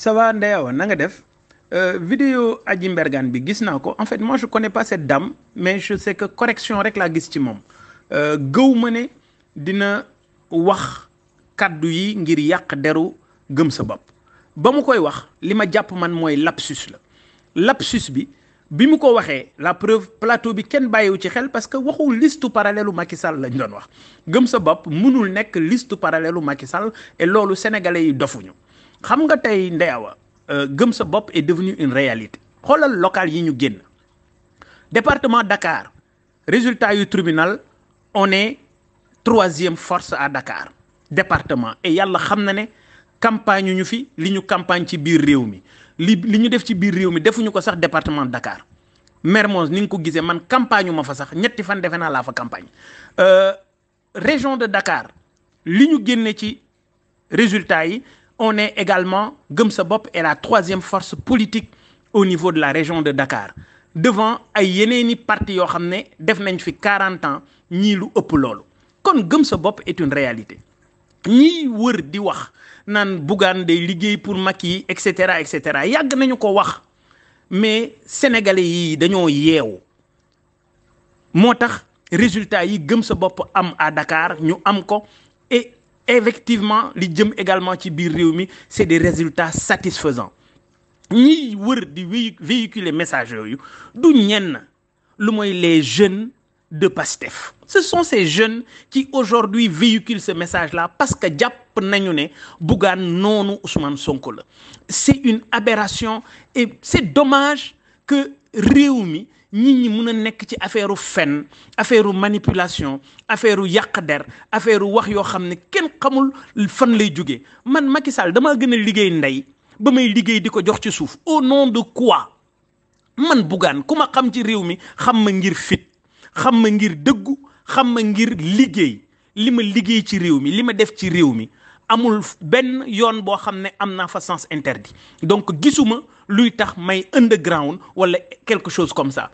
ça va Ndeyawa na nga def euh, vidéo Adji Mbergane bi gis naa ko en fait moi je connais pas cette dame mais je sais que correction rek laa gis ci moom euh, gëw ma ne dina wax kàddu yi ngir yàq deru gëm sa bopp ba mu koy wax li ma jàpp man mooy lapsus la lapsus bi bi mu ko waxee la preuve plateau bi kenn bàyyiwu ci xel parce que waxu liste parallèle u Macky Sall lañ doon wax gëm sa bopp mënul nekk liste parallèle u Macky loolu sénégalais yi dofuñu xam nga tey Ndeye Awa euh, gëm sa bopp est devenu une réalité xoolal local yi ñu génn département Dakar résultat yu tribunal on est troisième force à Dakar département et yàlla xam na ne campagne ñu fi li ñu campagne ci biir réew mi li li ñu def ci biir réew mi defuñu ko sax département Dakar Mermoz ni nga ko gisee man campagne ma fa sax ñetti fan defe naa laa fa campagne euh, région de Dakar li ñu génne ci résultat yi on est également Gëm sa bopp et la troisième force politique au niveau de la région de Dakar devant ay yeneeni partie yoo xam ne def nañ fi quarante ans ñii lu ëpp loolu kon Gëm sa bopp est une réalité ñiy wër di wax naan Bougane day liggéey pour mag yi et cetera et cetera yàgg nañu ko wax mais sénégalais yi dañoo yeewu moo tax résultat yi Gëm sa bopp am à Dakar ñu am ko et effectivement li jëm également ci biir réew mi c'est des résultats satisfaisants ñiy wër di véhiculer message yooyu du ñenn lu mooy les jeunes de Pastef ce sont ces jeunes qui aujourd'hui véhiculent ce message là parce que jàpp nañu ne Bougane noonu Ousmane Sonko la c'est une aberration et c'est dommage que réew mi nit ñi mun a nekk ci affaire fen affaire manipulation affaire yàq der affaire wax yoo xam ne kenn xamul fan lay jóge man Macky dama damaa gën a liggéey ndey ba may liggéey di ko jox ci suuf au nom de quoi man Bougane ku ma xam ci réew mi xam ma ngir fit xam ma ngir dëggu xam ma ngir liggéey li ma liggéey ci réew mi li ma def ci réew mi amul benn yoon boo xam ne am naa fa sens interdit donc gisuma luy tax may underground wala quelque chose comme ça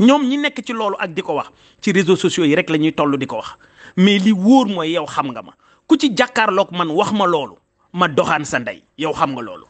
ñoom ñi nekk ci loolu ak di ko wax ci réseaux sociaux yi rek la ñuy toll di ko wax mais li wóor mooy yow xam nga ma ku ci jàkkaarloog man wax ma loolu ma doxaan sa ndey yow xam nga loolu.